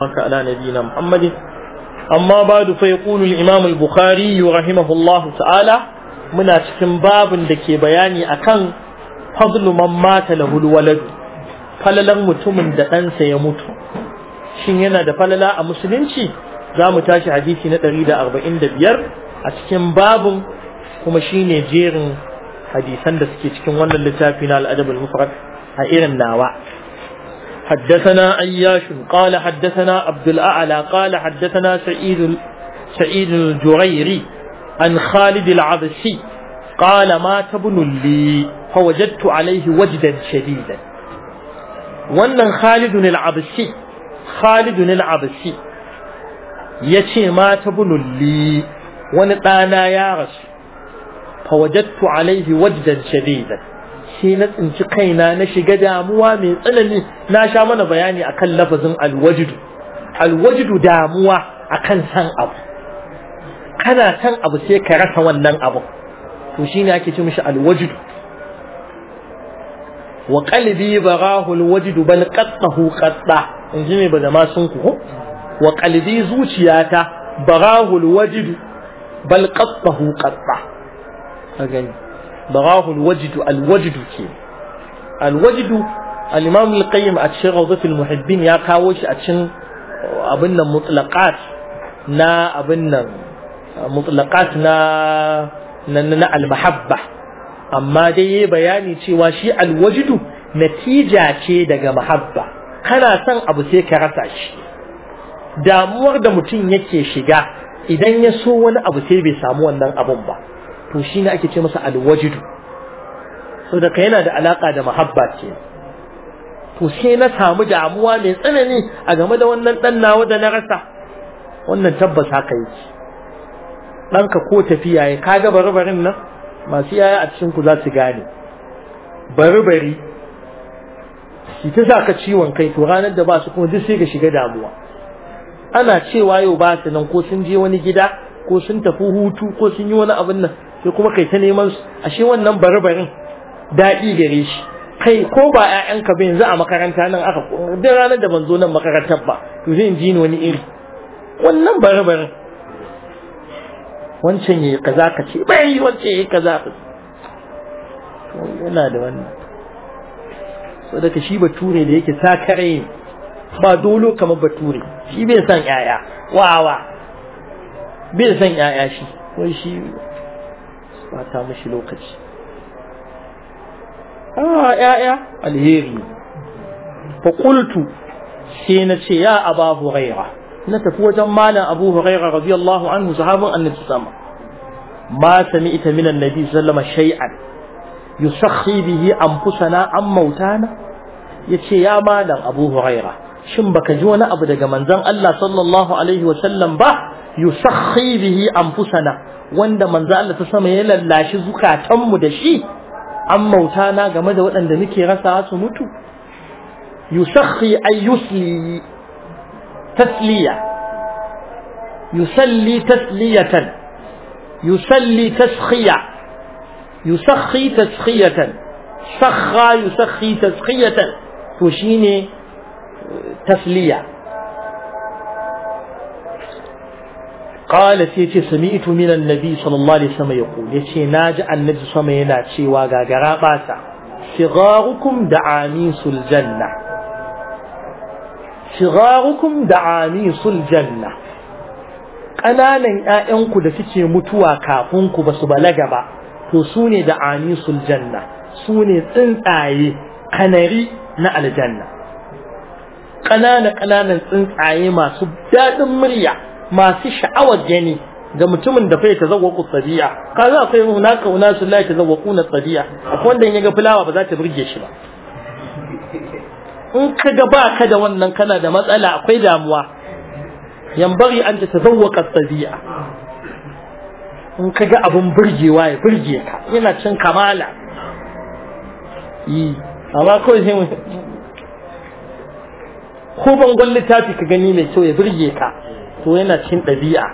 haka ala nabina muhammadin amma babu fa yaqulu imam al-bukhari rahimahullahu ta'ala muna cikin babin da ke bayani akan fadlu man mata lahu walad Falalar mutumin da ɗansa ya mutu shin yana da falala a musulunci zamu tashi hadisi na ɗari da da arba'in biyar a cikin babin kuma shine jerin hadisan da suke cikin wannan littafin al-adab al a irin nawa حدثنا اياش قال حدثنا عبد الاعلى قال حدثنا سعيد سعيد الجريري عن خالد العبسي قال مات ابن لي فوجدت عليه وجدا شديدا وان خالد العبسي خالد العبسي يتي مات ابن لي وانا يا رسول فوجدت عليه وجدا شديدا sai na tsinci kaina na shiga damuwa mai tsanani na sha mana bayani akan lafazin alwajidu alwajidu damuwa akan san abu kana san abu sai ka rasa wannan abu to shine ake ce mishi alwajidu wa qalbi barahu alwajidu bal qattahu qatta in ji ne ba da sun ku wa qalbi zuciyata barahu alwajidu bal qattahu qatta a gani bagahu alwajd alwajd ke alwajd al-imam a cikin rawdatul muhibbin ya kawo shi a cikin uh, abin nan mutlaqat na abin nan uh, mutlaqat na na amma dai yayi bayani cewa shi alwajd natija ce daga mahabba kana son abu sai ka rasa shi damuwar da mutum yake shiga idan ya so wani abu sai bai samu wannan abun ba to shi ne ake ce masa alwajidu So daga yana da alaka da mahabba ce to sai na samu damuwa mai tsanani a game da wannan dan nawa da na rasa wannan tabbas haka yake ɗanka ko tafiya ya kaga barbarin nan masu yaya a cikin ku za su gane barbari shi ta sa ka ciwon kai to ranar da ba su kuma duk sai ka shiga damuwa ana cewa yau ba su nan ko sun je wani gida ko sun tafi hutu ko sun yi wani abin nan sai kuma kai ta neman su ashe wannan barbarin daɗi gare shi kai ko ba ƴaƴanka ba yanzu a makaranta nan aka duk ranar da ban zo nan makarantar ba to zai ji ni wani iri wannan barbarin wancan yayi kaza ka ce bai wancan yayi kaza yana da wannan so daga shi bature da yake kare ba dolo kamar bature shi bai san ƴaƴa wawa bai san ƴaƴa shi wai shi bata mishi lokaci ah ya'ya alheri fa qultu sai na ce ya aba huraira na tafi wajen malam abu huraira radiyallahu anhu sahabin annabi sama ma sami'ta min annabi sallama shay'an yusakhi bihi anfusana am mautana yace ya malam abu huraira shin baka ji wani abu daga manzon Allah sallallahu alaihi wa sallam ba yusakhi bihi anfusana wanda manzo Allah ta sama ya lallashi zukatanmu da shi an mauta na game da waɗanda muke rasa su mutu yusakhi ay yusli tasliya yusalli tasliyatan yusalli taskhiya yusakhi taskhiyatan sakha yusakhi taskhiyatan to shine eh, tasliya qala sai yace sami'tu min annabi sallallahu alaihi wasallam yaqul yace naji annabi sama yana cewa gagara bata sigharukum da'amisul janna sigharukum da'amisul janna kananan ƴaƴanku da suke mutuwa kafin ku basu balaga ba to sune da'amisul janna sune tsuntsaye kanari na aljanna ƙanana ƙananan tsuntsaye masu daɗin murya masu sha'awar gani ga mutumin da fa ta zawwaku tabi'a kaza akwai hunaka unasu la ta zawwaku na tabi'a akwai wanda ga fulawa ba za ta burge shi ba in ka ga baka ka da wannan kana da matsala akwai damuwa yambari an ta tazawwaka tabi'a in ka ga abun burgewa ya burge ka yana cin kamala yi amma ko sai ko bangon littafi ka gani mai kyau ya burge ka to yana cin ɗabi'a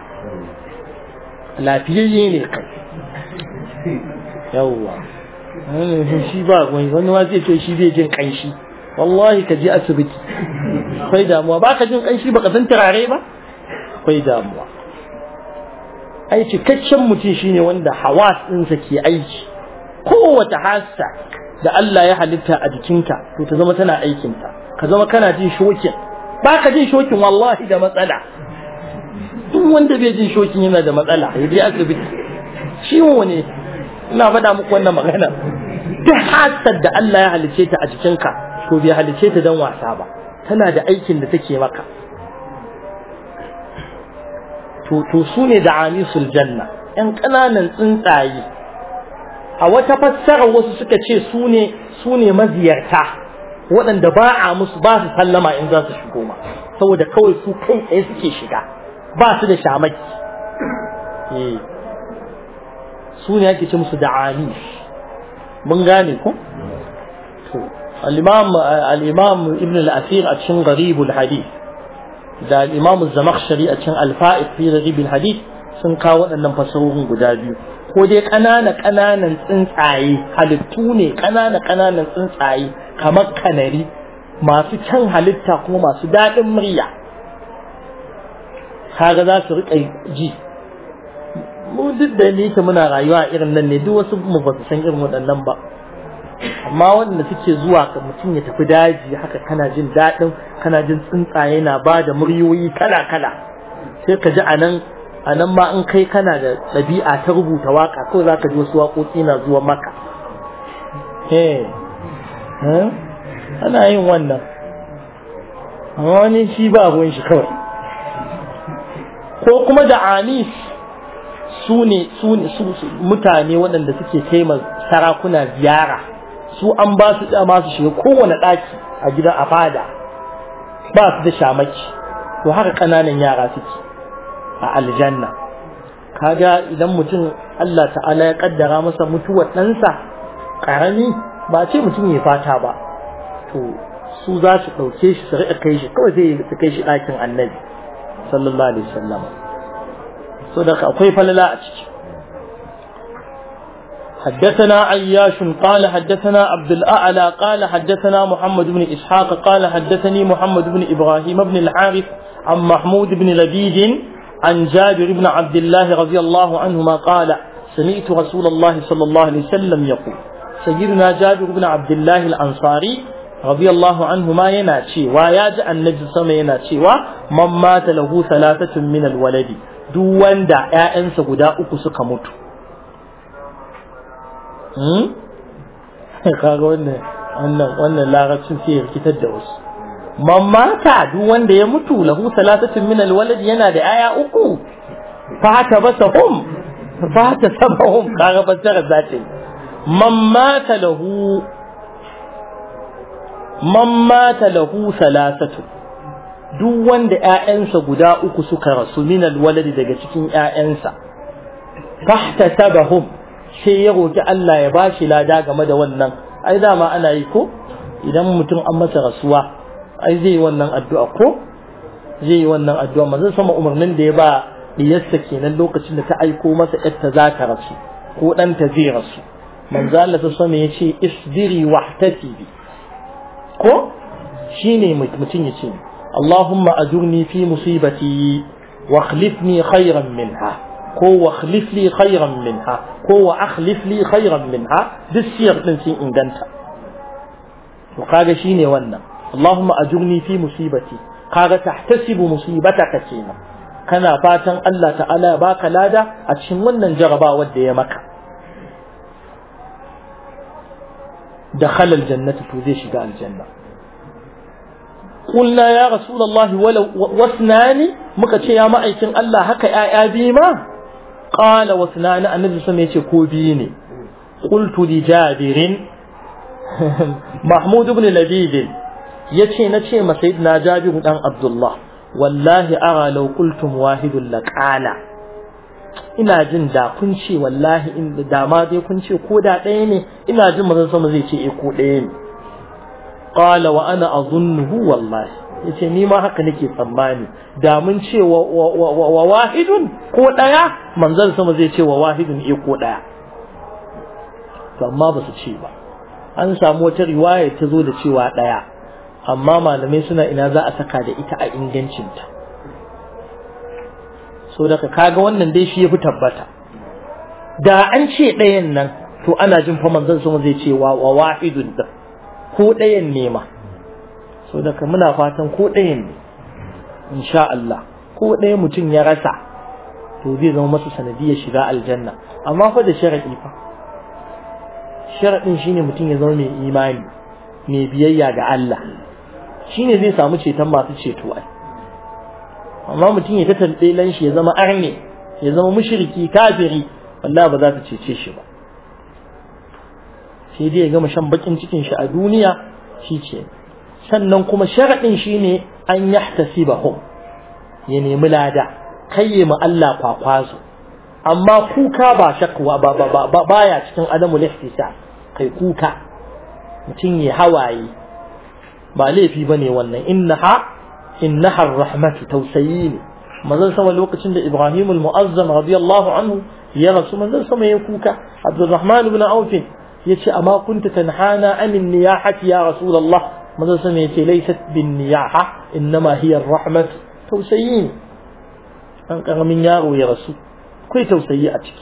lafiyayye ne kai yawwa shi ba gwani wani ma zai ce shi zai jin ƙanshi. wallahi ka je asibiti akwai damuwa ba ka jin ƙanshi ba ka san turare ba akwai damuwa ai cikakken mutum shine wanda hawas ɗinsa ke aiki kowace hassa da Allah ya halitta a jikinka to ta zama tana aikinta ka zama kana jin shokin ba ka jin shokin wallahi da matsala duk wanda bai jin shokin yana da matsala ya je asibiti ciwo ne ina faɗa muku wannan magana duk hasar da Allah ya halice ta a jikinka to bai halice ta don wasa ba tana da aikin da take maka to to sune da amisul janna yan ƙananan tsuntsaye a wata fassara wasu suka ce sune sune maziyarta waɗanda ba a musu ba su sallama in za su shigo ma saboda kawai su kai tsaye suke shiga ba su da shamaki eh. su ne ake ce musu da'ani mun gane ku? to ibn al a cikin gharibul hadith da al-imam a cin alfa'i fi gharibul hadith sun kawo waɗannan fasahohin guda biyu ko dai ƙanana ƙananan tsuntsaye halittu ne ƙanana ƙananan tsuntsaye kamar kanari masu kyan halitta kuma masu daɗin murya kaga za su riƙa ji mu duk da ke muna rayuwa irin nan ne duk wasu mu ba su san irin waɗannan ba amma wanda suke zuwa ka mutum ya tafi daji haka kana jin daɗin kana jin tsuntsaye na ba da muryoyi kala kala sai ka ji anan anan ma in kai kana da ɗabi'a ta rubuta waka kawai za ka ji wasu waƙoƙi na zuwa maka eh, eh, ana yin wannan amma wani shi ba ruwan shi kawai ko kuma da anis su ne mutane waɗanda suke taimar sarakuna ziyara su an ba su dama su shiga kowane ɗaki a gidan a fada ba su da shamaki to haka ƙananan yara suke a aljanna kaga idan mutum Allah ta'ala ya kaddara masa mutuwar ɗansa ƙarami ba ce mutum ya fata ba to su za su ɗauke shi su riƙa kai shi kawai zai su kai shi ɗakin annabi sallallahu alaihi wasallam so da akwai falala a ciki حدثنا عياش قال حدثنا عبد الأعلى قال حدثنا محمد بن إسحاق قال حدثني محمد بن إبراهيم بن الحارث عن محمود بن لبيد عن جابر بن عبد الله رضي الله عنهما قال سمعت رسول الله صلى الله عليه وسلم يقول سيدنا جابر بن عبد الله الأنصاري radiyallahu anhu ma yana cewa ya ji annabi sama yana cewa man mata lahu salatatun min alwaladi duk ƴaƴansa guda uku suka mutu hmm wannan wannan wannan larabcin sai ya rikitar da wasu ya mutu lahu salatatun min alwaladi yana da ƴaƴa uku fata basahum fata sabahum kaga fassara man mata lahu salasatu duk wanda ƴaƴansa guda uku suka rasu min alwalad daga cikin ƴaƴansa fahtasabahum sai ya roki Allah ya ba shi lada game da wannan ai dama ana yi ko idan mutum an masa rasuwa ai zai yi wannan addu'a ko zai yi wannan addu'a manzon sama umarnin da ya ba ɗiyarsa kenan lokacin da ta aiko masa yarta za ta rasu ko ɗanta zai rasu manzo Allah ta sama ya ce isbiri wahtasibi ko shine mutum ya ce Allahumma ajurni fi musibati wa khlifni khairan minha ko wa khlifli li khairan minha ko wa akhlif li khairan minha duk siyar din sun inganta to kaga shine wannan Allahumma ajurni fi musibati kaga tahtasibu musibataka kenan kana fatan Allah ta'ala ba baka lada a cikin wannan jarabawar da ya maka dakhala jannati to zai shiga aljanna qulna ya rasulullahi walau wasnani muka ce ya ma'aikin Allah haka yaya bi ma qala wasnani annabi sun yace ko bi ne qultu li jabir mahmud ibn labid yace na ce ma sayyidina jabir dan abdullah wallahi ara law qultum wahidun laqala ina jin da kun ce wallahi in da ma dai kun ce ko da ɗaya ne ina jin mazan sama zai ce eh, ko ɗaya ne qala wa ana azunnuhu wallahi yace ni ma haka nake tsammani da mun ce wa wahidun ko ɗaya manzon sama zai ce wa wahidun e ko ɗaya to amma ba su ce ba an samu wata riwaya ta zo da cewa ɗaya amma malamai suna ina za a saka da ita a ingancinta so daga kaga wannan dai shi yafi tabbata da an ce ɗayan nan to ana jin fa manzon sun zai ce wa wa wahidun da ko ɗayan ne ma so daga muna fatan ko ɗayan ne insha Allah ko ɗaya mutum ya rasa to zai zama masa sanadiyar shiga aljanna amma fa da sharadi fa shi shine mutum ya zama mai imani mai biyayya ga Allah Shi ne zai samu ceton masu ceto ai amma mutum ya ta tantelan shi ya zama arne ya zama mushriki kafiri wallahi ba za ta cece shi ba sai dai ya gama shan bakin cikin shi a duniya shi ce sannan kuma sharaɗin shi ne an yahtasibahum ya nemi lada kayye ma Allah kwakwazo amma kuka ba shakwa ba ba ba baya cikin adamu lafisa kai kuka mutum ya hawaye ba laifi ba ne wannan in ha? إنها الرحمة توسييني ما زال سوى الوقت عند إبراهيم المؤزم رضي الله عنه يا رسول الله زال يكوك عبد الرحمن بن عوف يتي أما كنت تنحانا عن النياحة يا رسول الله ما زال سوى ليست بالنياحة إنما هي الرحمة توسييني أنك من يا رسول كي توسيئتك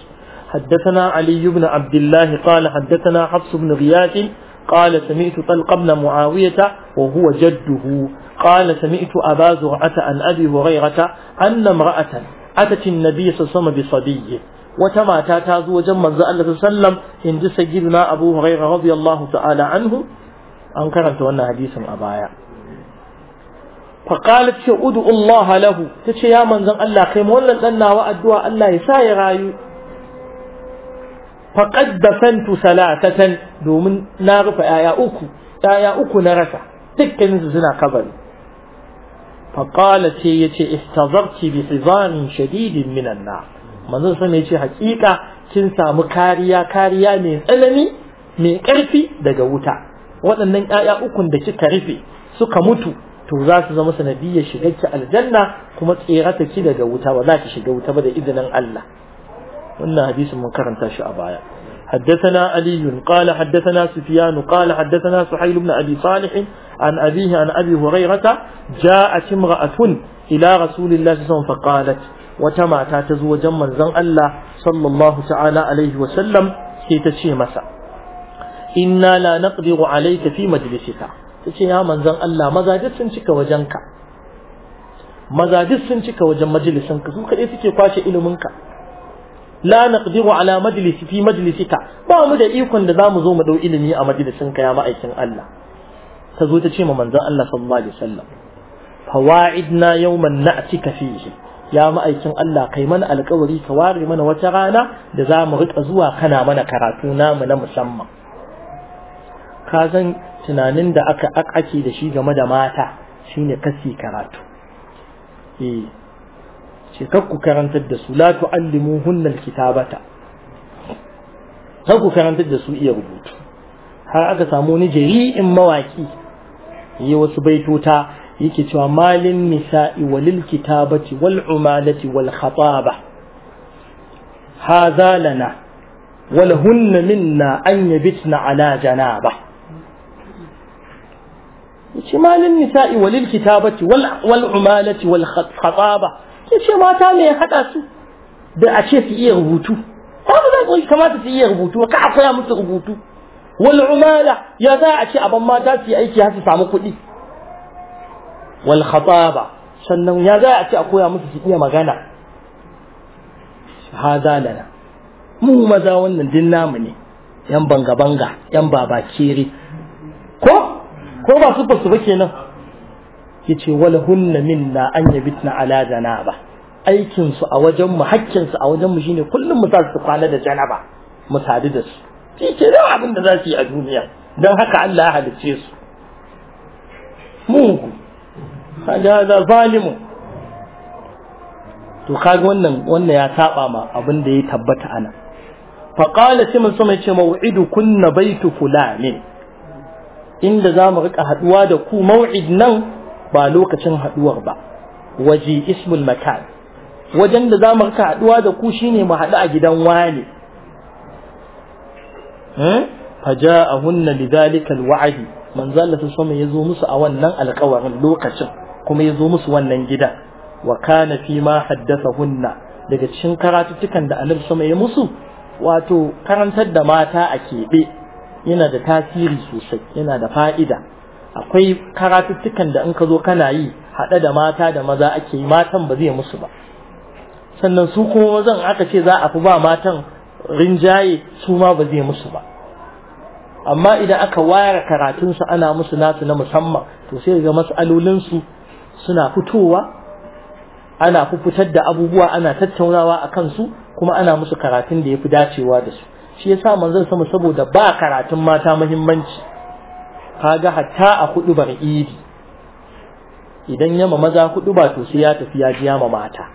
حدثنا علي بن عبد الله قال حدثنا حفص بن غياث قال سمعت طلق بن معاوية وهو جده قال سمعت أبا زرعة عن أبي هريرة أن امرأة أتت النبي صلى الله عليه وسلم بصبيه wata mata ta zo wajen manzo Allah sallam in ji sayyidina Abu Hurairah radiyallahu ta'ala anhu an karanta wannan hadisin a baya fa qalat ce ud'u Allah lahu tace ya manzon Allah kai mu wannan dan nawa addu'a Allah ya sa ya rayu faqad basantu salatatan domin na rufe yaya uku yaya uku na rasa dukkan su suna kabari faqala ce yace istazarti bi hizamin shadidin minan nar manzon sa yace hakika kin samu kariya kariya mai tsanani mai ƙarfi daga wuta waɗannan yaya ukun da kika rufe suka mutu to za su zama sanadiyya shigar ki aljanna kuma ta ki daga wuta ba za ki shiga wuta ba da izinin Allah wannan hadisin mun karanta shi a baya حدثنا علي قال حدثنا سفيان قال حدثنا سحيل بن أبي صالح عن أبيه عن أبي هريرة جاءت امرأة إلى رسول الله صلى الله عليه وسلم فقالت وتما تتزوج من زن الله صلى الله تعالى عليه وسلم سيتشي مسا إنا لا نقدر عليك في مجلسك تشي يا من زن الله ماذا جسنشك وجنك ماذا جسنشك وجن مجلسك سوك إيه تشي قاشي إلمنك la naqdiru ala majlisi fi majlisika ba mu da ikon da zamu zo mu dau ilimi a majalisinka ya ma'aikin Allah ta zo ta ce ma manzon Allah sallallahu alaihi wasallam fawaidna yawman na'tika fihi ya ma'aikin Allah kai mana alƙawari ka ware mana wata rana da za mu riƙa zuwa kana mana karatu namu na musamman ka san tunanin da aka ake da shi game da mata shine kasi karatu eh ce kakku karantar da su la tu'allimuhunna alkitabata kakku karantar da su iya rubutu har aka samu wani jari'in mawaki yi wasu baitota yake cewa malin nisa'i walil kitabati wal umalati wal khataba hadha lana ولهن منا أن يبتن على جنابه شمال النساء وللكتابة والعمالة والخطابة ya ce mata ne ya haɗa su da a ce su iya rubutu ba ku zan kamata su iya rubutu ka a koya musu rubutu wal umala ya za a ce aban mata su yi aiki har su samu kuɗi wal khataba sannan ya za a ce a koya musu su iya magana hada lana mu maza wannan din namu ne yan banga banga yan baba kiri ko ko ba su ba su ba kenan yace wala hunna minna an yabitna ala janaba aikin su a wajen mu hakkin su a wajen mu shine kullum mu su kwana da janaba mu sadu da su shi ke da abin da za su yi a duniya dan haka Allah ya halicce su mugu kaga da zalimu to kaga wannan wannan ya saba ma abin da ya tabbata ana fa qala simin sama yace maw'idu kunna baitu fulani. inda zamu riƙa haɗuwa da ku maw'id nan ba lokacin haduwar ba waje ismul makan wajen da zamu mu rika haduwa da ku shine mu haɗu a gidan wani hmm? lidhalika لذلك الوعد من زال ya zo musu a wannan alƙawarin lokacin kuma yazo musu wannan gida wa kana fi ma haddathahunna daga cikin karatutukan da Annabi sama ya musu wato karantar da mata a kebe yana da tasiri sosai yana da fa'ida akwai karatuttukan da in ka zo kana yi haɗe da mata da maza ake yi matan ba zai musu ba sannan su kuma mazan aka ce za a fi ba matan rinjaye su ma ba zai musu ba amma idan aka ware karatunsu ana musu nasu na musamman to sai ga matsalolinsu suna fitowa ana fitar da abubuwa ana tattaunawa a kansu kuma ana musu karatun da ya fi dacewa da su shi yasa manzon sama saboda ba karatun mata muhimmanci Ka ga hatta a hudu bar idi idan yama maza hudu ba to sai ya tafi ya ji yama mata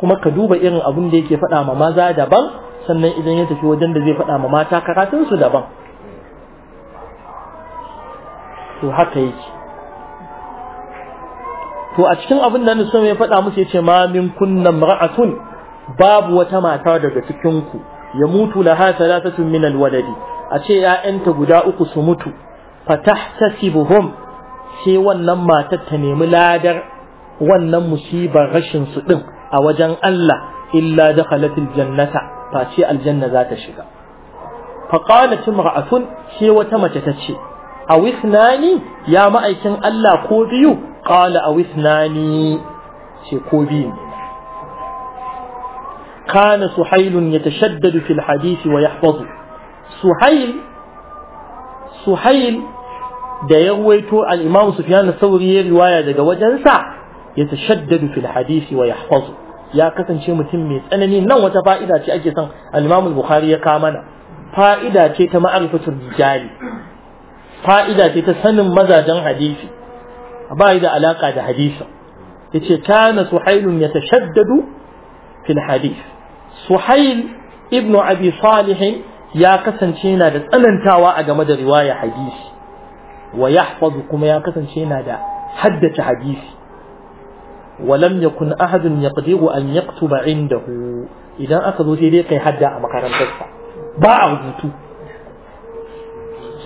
kuma ka duba irin abin da yake faɗa ma maza daban sannan idan ya tafi wajen da zai faɗa ma mata karatun su daban to haka yake to a cikin abin da Nusa ya faɗa musu yace ma min kunna mar'atun babu wata mata daga cikin ku ya mutu laha thalathatun min alwaladi a ce 'ya'yanta guda uku su mutu fatahsasibuhum sai wannan matar ta nemi ladar wannan musibar rashin su din a wajen Allah illa dakhalatil jannata face aljanna za ta shiga faqalat imra'atun sai wata mace ta ce awisnani ya ma'aikin Allah ko biyu qala awisnani ce ko biyu kana suhailun yatashaddadu fil hadisi wa yahfazu suhail suhail da ya ruwaito al-Imam Sufyan sauri ya riwaya daga wajensa ya tashaddadu fil hadisi wa yahfazu ya kasance mutum mai tsanani nan wata fa'ida ce ake son al buhari Bukhari ya kamana fa'ida ce ta ma'rifatul rijali fa'ida ce ta sanin mazajen hadisi ba da alaka da hadisi yace kana suhailun yatashaddadu fil hadith suhail ibnu abi salihin ya kasance yana da tsanantawa a game da riwaya hadisi ويحفظ كما kuma ya kasance حدث حديث ولم يكن أحد يقدر أن يكتب عنده إذا أخذوا سيدي قي حدى مكان تسع باع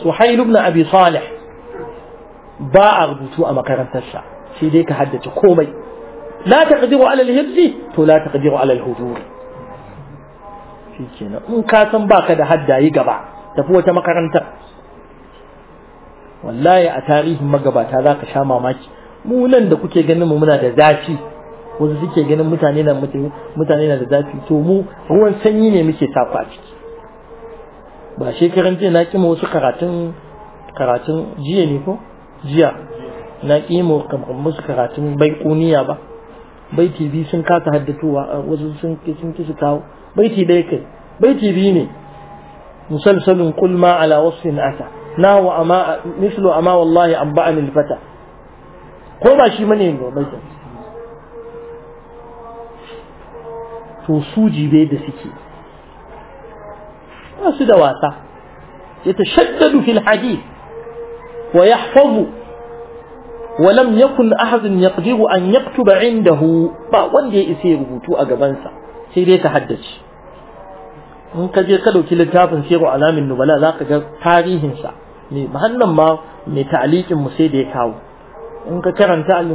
سحيل بن أبي صالح باع ربوتو مكان تسع سيدي كحدا كومي لا تقدر على الهبز فلا تقدر على الهجور shi kenan in ka san يقبع تفوت hadda wallahi a tarihin magabata za ka sha mamaki mu nan da kuke ganin mu muna da zafi wasu suke ganin mutane na mutane na da zafi to mu ruwan sanyi ne muke tafa a ciki ba shekaran jiya na kima wasu karatun karatun jiya ne ko jiya na kima musu karatun bai kuniya ba bai tv sun kasa haddatuwa wasu sun sun kisa kawo bai tv kai baiti biyu ne musalsalun kulma ala wasu ata na wa ama mislu ama wallahi an ba ni ko ba shi mane ne ba to su jibe da suke ba su da wasa ya ta shaddadu fil hadith wa yahfazu Walam lam yakun ahad yaqdiru an yaktuba indahu ba wanda ya isa rubutu a gabansa. sai dai ta haddace in ka je ka dauki littafin siru alamin nubala za ka ga tarihinsa mai hannan ma mai ta'alikin mu sai da ya kawo in ka karanta al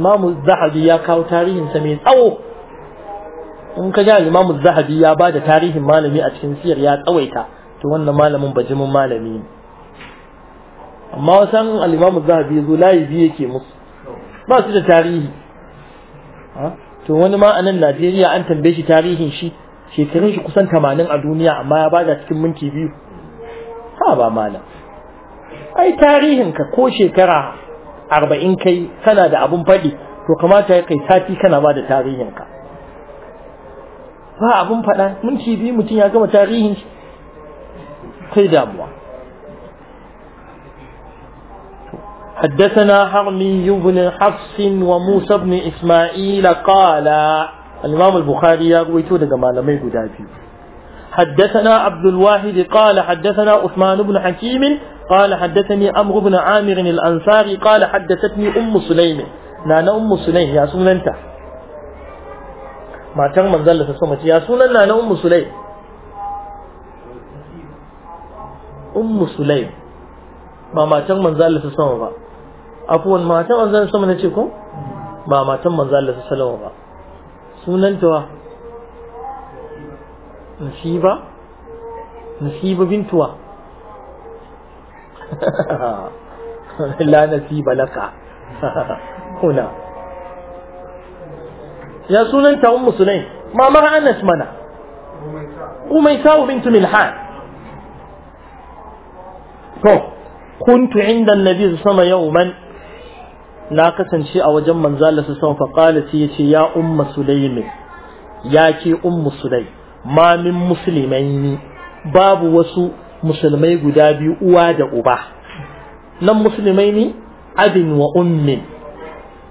zahabi ya kawo tarihinsa mai tsawo in ka ga al zahabi ya ba da tarihin malami a cikin siyar ya tsawaita to wannan malamin bajimin malami ne amma wasan al zahabi zo layi biyu yake musu ba su da tarihi to wani ma a nan Najeriya an tambaye shi tarihin shi shekarun shi kusan tamanin a duniya amma ya bada cikin minti biyu ha ba malam ai tarihin ka ko shekara arba'in kai kana da abun faɗi to kamata ya kai sati kana bada tarihin ka ba abun faɗa minti biyu mutum ya gama tarihin shi kai damuwa حدثنا حرمي بن حفص وموسى بن إسماعيل قال الإمام البخاري يرويته ما لم يقود حدثنا عبد الواحد قال حدثنا أثمان بن حكيم قال حدثني أمر بن عامر الأنصاري قال حدثتني أم سليم نانا أم سليم يا سنن أنت ما كان من ذلك يا سنن نانا أم سليم أم سليم ما ما كان من ذلك سمت ما كان من ذلك سمت ما ما كان من ذلك sunanta wa nasiba nasiba bintuwa la nasiba laka kuna ya sunanta ummu sulaim mama anas mana umaysa bintu milhan to kuntu inda النبي sallallahu alaihi wasallam yawman na kasance a wajen manzala su sama faƙala sai ya ce ya umma sulaymi ya ke ummu sulay ma min muslimaini babu wasu musulmai guda biyu uwa da uba nan muslimaini ne abin wa ummin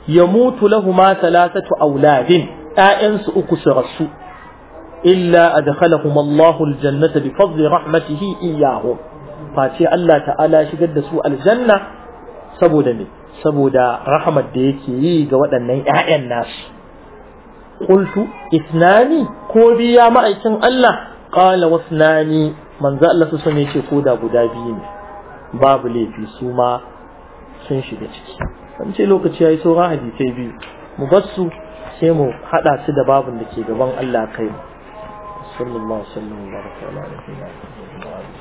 yamutu lahumu thalathatu talatatu auladin ‘ya'yansu uku su rasu illa adkhalahum Allahu aljannata bi fadli rahmatihi iyyahum ce Allah ta'ala shigar da su aljanna saboda me saboda rahmat da yake yi ga waɗannan 'ya'yan nasu qultu ithnani ko biya ma'aikin Allah qala wasnani manzo Allah su sani ce ko da guda biyu ne babu laifi su ma sun shiga ciki an ce lokaci yayi sauran hadisai biyu mu su sai mu haɗa su da babun da ke gaban Allah kai sallallahu alaihi wa sallam